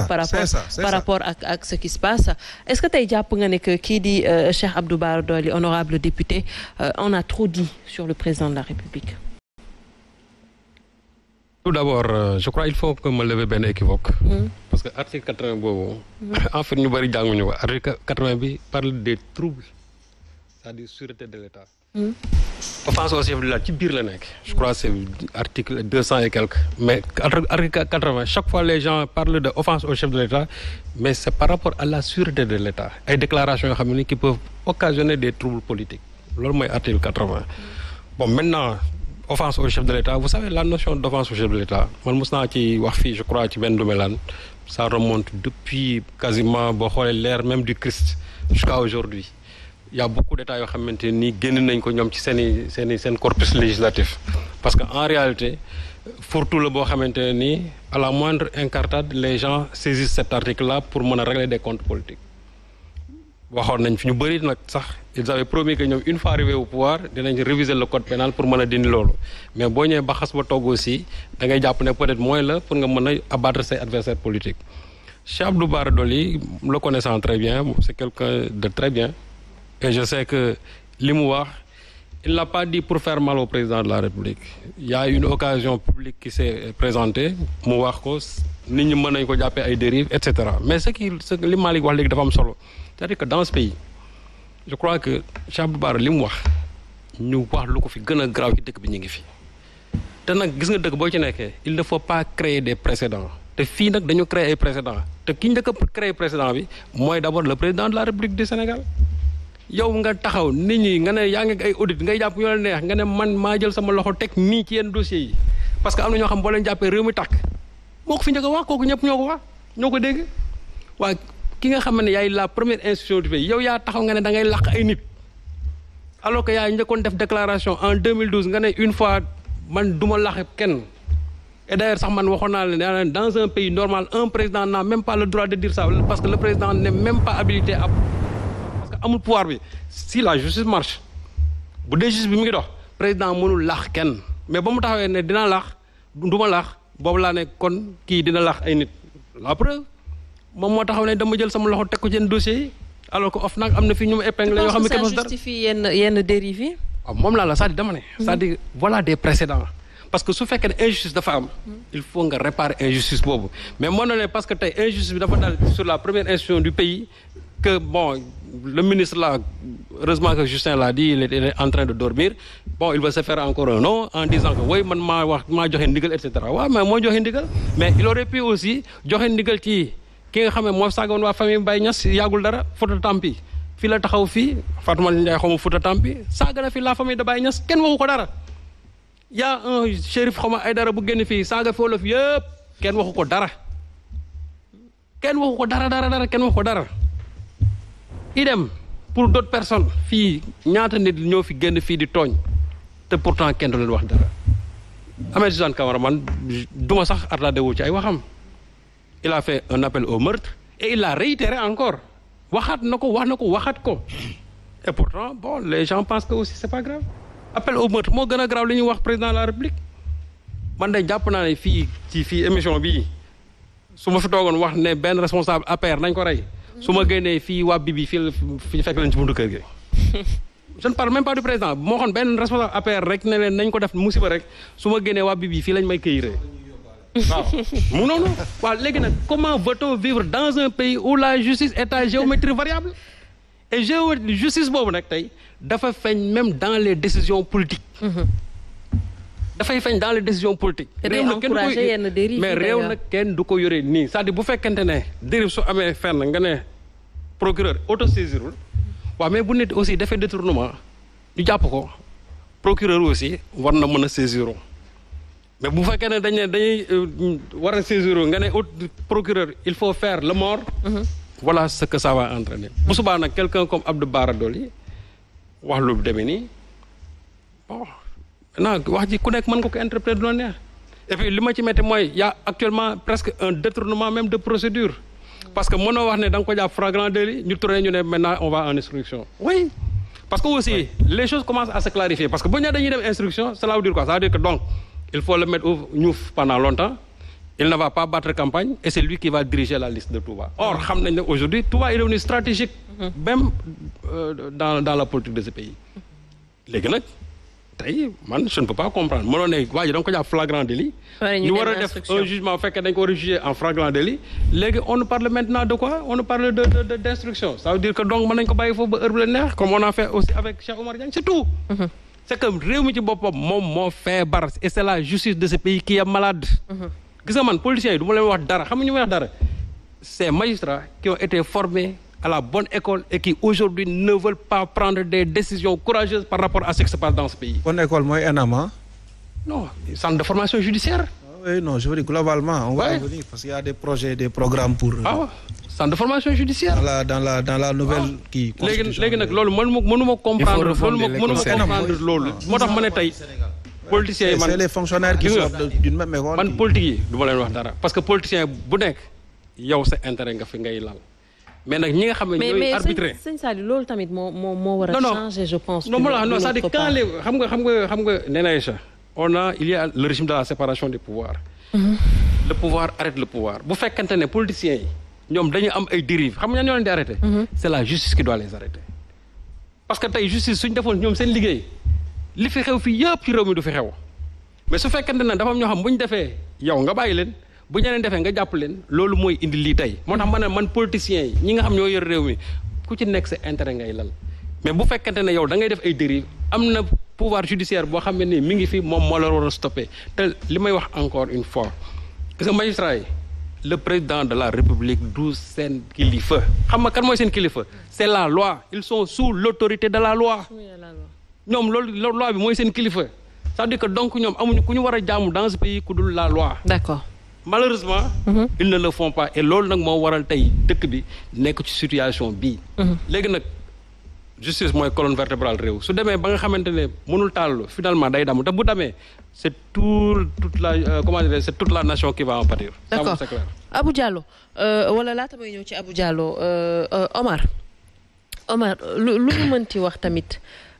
ça par rapport par ak ak ce qui se passe est-ce que tey jàpp nga ne que kii di euh, Cheikh Abdou Bara Dolly honorable député euh, on a trop dit sur le président de la République. tout d'abord euh, je crois il faut que ma lever benn équivoque hmm. parce que article quatre-vingt boobu. Hmm. en fait ñu bari jànguñu ko article quatre-vingt bi parle des troubles c'est-à-dire de l'État. Hmm? au ci biir la nekk. je crois c'est article deux cent et quelques. mais article quatre vingt chaque fois les gens parlent de offense au chef de l'État mais c'est par rapport à la sûreté de l'État ay déclarations yoo xam ne qui peuvent occasionner des troubles politiques loolu mooy article quatre vingt. bon maintenant offense au chef de l'État vous savez la notion d'offense au chef de l'État man mos naa ci wax fii je crois ci benn dumelaan ça remonte depuis quasiment boo xoolee l'ère même du Christ jusqu'à y a beaucoup d'états yoo xamante ni génn nañ ko ñoom ci seeni seeni seen i seen corpus législatif parce que en réalité fortu tout la boo xamante ne nii à la moindre incartade les gens saisissent cet article là pour mën a régler des comptes politiques waxoon nañ fi ñu bëri nag sax ils avaient promis que ñoom une fois arrivé au pouvoir dinañ réviser le code pénal pour mën a dindi loolu mais boo ñëwee ba xas ba togg aussi da jàpp ne peut-être mooy la pour nga mën a abattre ses adversaires politiques Cheikh Abdou Bara Dolly le connaissant très bien c'est de très bien et je sais que li mu wax il l'a pas dit pour faire mal président de la République il y a une occasion publique qui s'est présentée mu wax ko nit ñi mën nañ ko jàppee ay dérives et cetera mais ce qui ce li Malick wax léegi dafa am solo c'est-à-dire que dans ce pays je crois que Cheikh Abdou Bara li mu wax ñu wax lu ko fi gën a graaw ci dëkk bi ñu ngi fi te nag gis nga dëkk boo ci nekkee il ne faut pas créer des précédents te fii nag dañu créer ay précédents te ki ñu dëkk créer précédent bi mooy d'abord le président la République du Sénégal yow nga taxaw nit ñi nga ne yaa ngi ay audit nga jàpp yoo la neex nga ne man maa jël sama loxo teg nii ci yenn dossiers yi parce que am na ñoo xam boo leen jàppee réew mi tàkk moo ko fi njëkk a wax kooku ñëpp ñoo ko wax ñoo ko dégg waa ki nga xam ne yaay la première institution du pays yow yaa taxaw nga ne da ngay làq ay nit alors que yaa njëkkoon def déclaration en nga ne une fois man du ma làq kenn et d'ailleurs sax man waxoon naa leen dans un pays normal un président parce que le président n'est même pas habilité que amul pouvoir bi si la justice marche bu dee justice bi mu ngi dox président mënul laax kenn mais ba mu taxawee ne dina laax du ma laax boobu laa ne kon kii dina laax ay nit la preuve moom moo taxaw ne dama jël sama loxo teg ku seen dossier yi alors que of nag am na fi ñu ma épinglé yoo xam ne ça justifie yenn yenn dérive yi waaw ah, moom laa la c'est-à-dire dama ne mhm. c'est-à-dire voilà des précédents parce que su fekkee ne injustice dafa am mhm. il faut nga réparer injustice boobu mais moo ne parce que tey injustice bi dafa la première institution du pays que bon le ministre là heureusement que Justin l'a dit il est, en train de dormir bon il va se faire encore un nom en disant que oui man maa wax maa joxe ndigal et waaw mais moo joxe ndigal mais il aurait pu aussi joxe ndigal ci ki nga xam ne moo saagoon waa famille Baye Niass yàggul dara Fouta Tampi fii la taxaw fii Fatoumata Ndiaye xaw ma Fouta Tampi saaga na fi la famille de bay Niass kenn waxu ko dara y shérif xaw ma ay dara bu génn fii saaga fi wolof yëpp kenn waxu ko dara kenn waxu ko dara dara dara kenn waxu ko dara idem pour d'autres personne fii ñaata nit ñoo fi génn fii di tooñ te pourtant kenn du leen wax dara Ahmed Suzanne Camara man duma sax attardé wu ci ay waxam il a fait un appel au meurtre et il l'a réitéré encore waxaat na ko wax na ko waxaat ko et pourtant bon le gens pensent que aussi c'est pas grave appel au meurtre moo gën a grave li ñuy wax président de la république man de jàpp naa ne fii ci fii émission bi su ma fi toogoon wax ne benn responsable APR nañ ko rey su ma génnee fii waa bi fii fi fekk leen ci buntu kër gi. je ne parle même pas du président moo xoon benn responsable APR rek ne leen nañ ko def musiba rek su ma génnee waa bi fii lañ may këyiree. waaw mu noonu. waaw léegi nag comment veut-on vivre dans un pays où la justice est à géométrie variable et géo justice boobu nag tey dafa feeñ même dans les décisions politiques. Mm-hmm. dafay feeñ dans les décisions politiques. réew nag kenn du ko mais réew nag kenn du ko yore nii cest à bu fekkente ne dérive su amee fenn nga ne procureur autosaisirul waa mais bu nit aussi defee détournement ñu jàpp ko procureur aussi war na mën a saisir mais bu fekkee ne dañ dañuy euh, war a saisir nga ne procureur il faut faire la mort. Mhm. voilà ce que ça va entraîner. bu subaa nag quelqu'un comme Abdou Bara Dolly wax lu demee nii non wax ji ku nekk mën ko interpréter du la neex li ma ci metti mooy y' a actuellement presque un détournement même de procédure parce que mënoo wax ne da nga ko jàpp flagrant délit ñu tourné ñu ne maintenant on va en instruction parce que aussi les choses commencent à se clarifier parce que bu ñu dañuy dem instruction cela veut dire quoi ça veut dire que donc il faut le mettre au ñuuf pendant longtemps il ne va pas battre campagne et c'est lui la liste de Touba or xam nañ ne aujourd'hui mm-hmm. euh, dans dans la politique de ce pays léegi nag tey man je ne peux pas comprendre mënoon ne waa ji da ko jàpp flagrant délit ñu war def un jugement fekkee ko war a juger en flagrant délit léegi on parle maintenant de quoi on parle de de d' instruction ça veut dire que donc mën nañ ko bàyyi foofu ba heure bu neex comme on a fait aussi avec Cheikh Oumar Diagne c'est mhm. que réew mi ci boppam moom moo feebar et c' est la justice de ce pays qui est malade mhm. gis man policiers yi du ma leen wax dara xam ñu may dara ces magistrats qui ont été à la bonne école et qui aujourd'hui ne veulent pas prendre des décisions courageuses par rapport à ce qui se passe dans ce pays. bonne école mooy ENAM non centre de formation judiciaire. Ah oui non je veux dire globalement. on va ouais. venir parce qu'il y a des projets des programmes pour. Euh, ah ouais. centre de formation judiciaire. dans la nouvelle. kii ah. loolu mënu ma mënu ma comprendre. Ah. moo tax ma ne tey. politiciens yi man c'est les fonctionnaires qui sortent d'une man politique yi du ma wax dara parce que politicien bu nekk yow sa intérêt nga fi ngay lal. mais nag ñi nga xam ne ñooy arbitré mais mais sëñ Sadi moo moo moo war a changer je xam nga xam nga xam nga nee naa a il y a le régime de la séparation des pouvoirs. Mhm. le pouvoir arrête le pouvoir bu fekkente ne politiciens yi ñoom dañu am ay dérives xam nga ñoo leen di arrêté. Mhm. c'est la justice qui doit les arrêter. parce que tey justice suñ defoon ñoom seen liggéey li fi xew fii yëpp ci réew mi du fi xew mais su fekkente ne dafa ñoo xam bu ñu defee yow nga bàyyi leen. bu ñeneen defee nga jàpp leen loolu mooy indi lii tey moo tax ma ne man politiciens yi ñi nga xam ñoo yor réew mi ku ci nekk sa intérêt ngay lal mais bu fekkente ne yow da ngay def ay dérive am na pouvoir judiciaire boo xam ne nii mi ngi fi moom moo la war a stoppé te li may wax encore une fois gis nga magistrat yi le président de la république du seen kilifa xam nga kan mooy seen kilifa c'est la loi ils sont sous l'autorité de la loi ñoom loolu loi bi mooy seen kilifa c'est-à-dire donc ñoom amuñu ku ñu war a jaamu dans ce pays ku dul la malheureusement. Mhm. ils loolu nag moo waral tey dëkk bi nekk ci situation bi mhm. léegi nag justice mooy colonne vertébrale réew su demee ba nga xamante ne mënul taal finalement day damm te bu damee c' est tout toute la euh, comment dirais c' est la nation qui va en pâtir. d' accord c'est clair. Abou Diallo euh, wala laata may ñëw ci Abou Diallo euh, Omar Omar lu lu mënti wax tamit.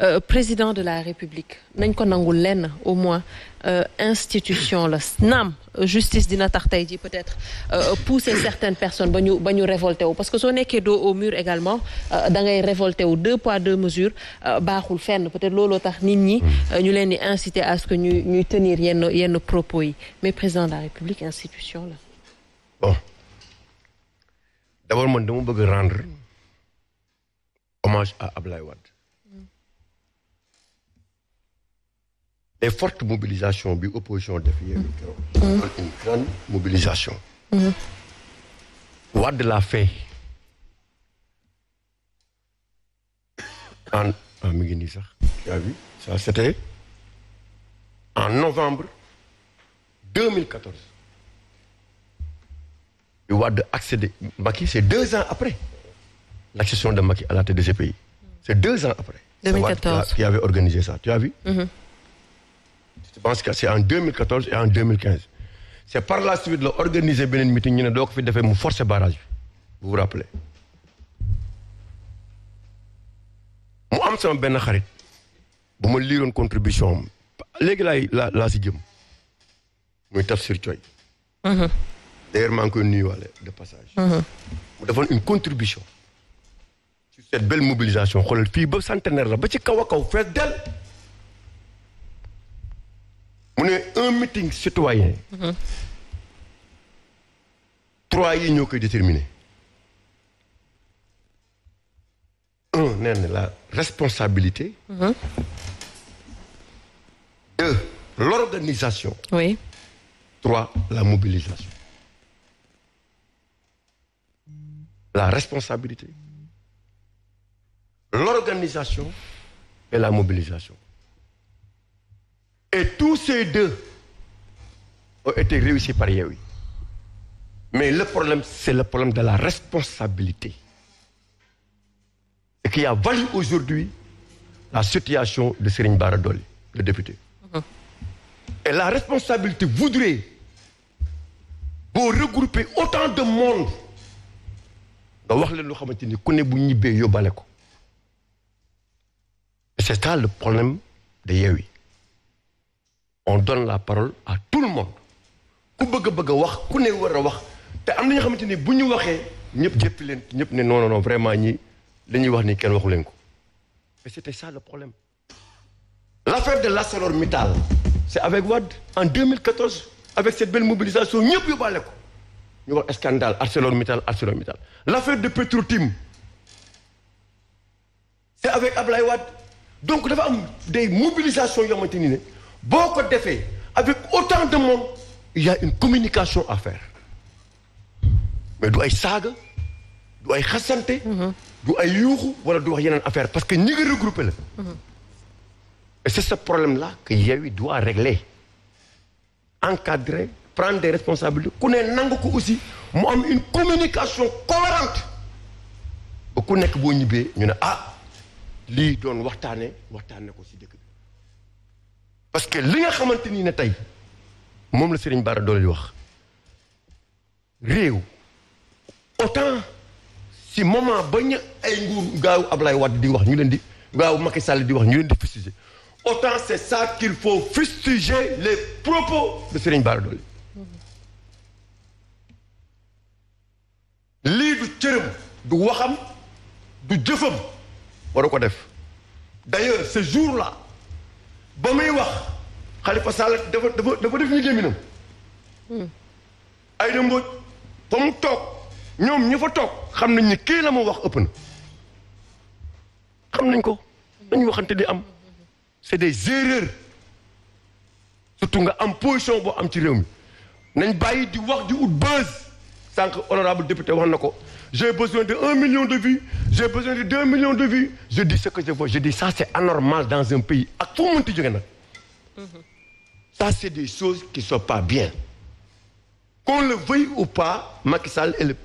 Euh, président de la république nañ ko nangul lenn au moins euh, institution la naam justice dina tax tey ji peut-être euh, pousser certaines personnes ba ñu ba ñu révolté wu parce que soo nekkee doo au mur également da ngay révolté wu deux poids deux mesures baaxul fenn peut-être looloo tax nit ñi hmm. ñu leen di inciter à ce que ñuy ñuy tenir yenn yenn propos yi mais président de la république institution la bëgg rendre et forte mobilisation bi opposition def yeewu keroog. kon une grande mobilisation. Wade l'a fait en en ah, ngi nii sax. tu as vu ça en novembre 2014 bi Wade accédé Macky c'est deux ans après l'accession de Macky à la tête de ce pays. c'est deux ans après. 2014 qui avait organisé ça tu as vu. Mm-hmm. je pense que c' est en 2014 et en 2015 c' est par la suite la organiser beneen meeting ñu ne doo ko fi defee mu forcer barrage bi vous vous mu am sama benn xarit bu ma liiroon contribution léegi laay la laa si jëm muy Tafsir Coy mhm. d'ailleurs maa ngi koy nuyuwaale de passage mhm. mu defoon une contribution sur cette belle mobilisation xoolal fii ba centenaire la ba ci kaw a kaw fees del mu ne un meeting citoyen trois yi ñoo koy déterminer la responsabilité deux l'organisation oui trois la mobilisation la responsabilité l'organisation est la mobilisation Et tous ces deux ont été réussis par Yahweh. Mais le problème, c'est le problème de la responsabilité. Et qui a valu aujourd'hui la situation de Serigne Bara Dolly, le député. Mm Et la responsabilité voudrait boo regrouper autant de monde nga wax leen loo xamante ni ku ne bu ñibbee yóbbaale ko. Et c'est ça le problème de Yewwi. on donne la parole à tout le monde ku bëgg a bëgg a wax ku ne war a wax te am na ñoo xamante ni bu ñu waxee ñëpp jéppi leen ñëpp ne non non vraiment ñi li ñuy wax ni kenn waxu leen ko mais c'était ça le problème l'affaire de l'ArcelorMittal c'est avec Wade en mille 2014 avec cette belle mobilisation ñëpp yóbbaale ko ñu wax scandale ArcelorMittal ArcelorMittal l'affaire de Petrotim c'est avec Ablaye Wade donc dafa am des mobilisations yoo xamante ni ne boo ko defee avec autant de monde il y a une communication à mais du ay saaga du ay xasante mhm. du ay yuuxu wala du wax yeneen affaire parce que ñi nga la mhm. et c'est ce problème là que Yewwi doit régler encadrer prendre des responsabilités ku ne nangu ko aussi mu am ku nekk boo ñibbee ñu ne ah lii doon waxtaane waxtaane ko si dëkk parce que li nga xamante ni ne tey moom la Serigne Bara Dolly wax réew autant si moment ba ñu ay nguur gaaw Ablaye Wade di wax ñu leen di gaaw Macky Sall di wax ñu leen di fustiger autant c'est ça qu'il faut fustiger les propos de Serigne Bara Dolly lii du cërëm du waxam du jëfam waru ko def d'ailleurs ce jour la ba muy wax Khalifa Sall dafa dafa dafa def ni gémminam ay dëmboo fa mu toog ñoom ñi fa toog xam nañ ni kii la ma wax ëpp na xam nañ ko dañu waxante di am c'est des erreurs surtout nga am position boo am ci réew mi nañ bàyyi di wax di ut buzz sànq honorable député wax na ko j'ai besoin de 1 million de vues j'ai besoin de 2 millions de vues je dis ce que je veux je dis ça c'est anormal dans un pays ak fu mu mënti mhm. ça c'est des choses qui sont pas bien qu'on le veuille ou pas Macky Sall le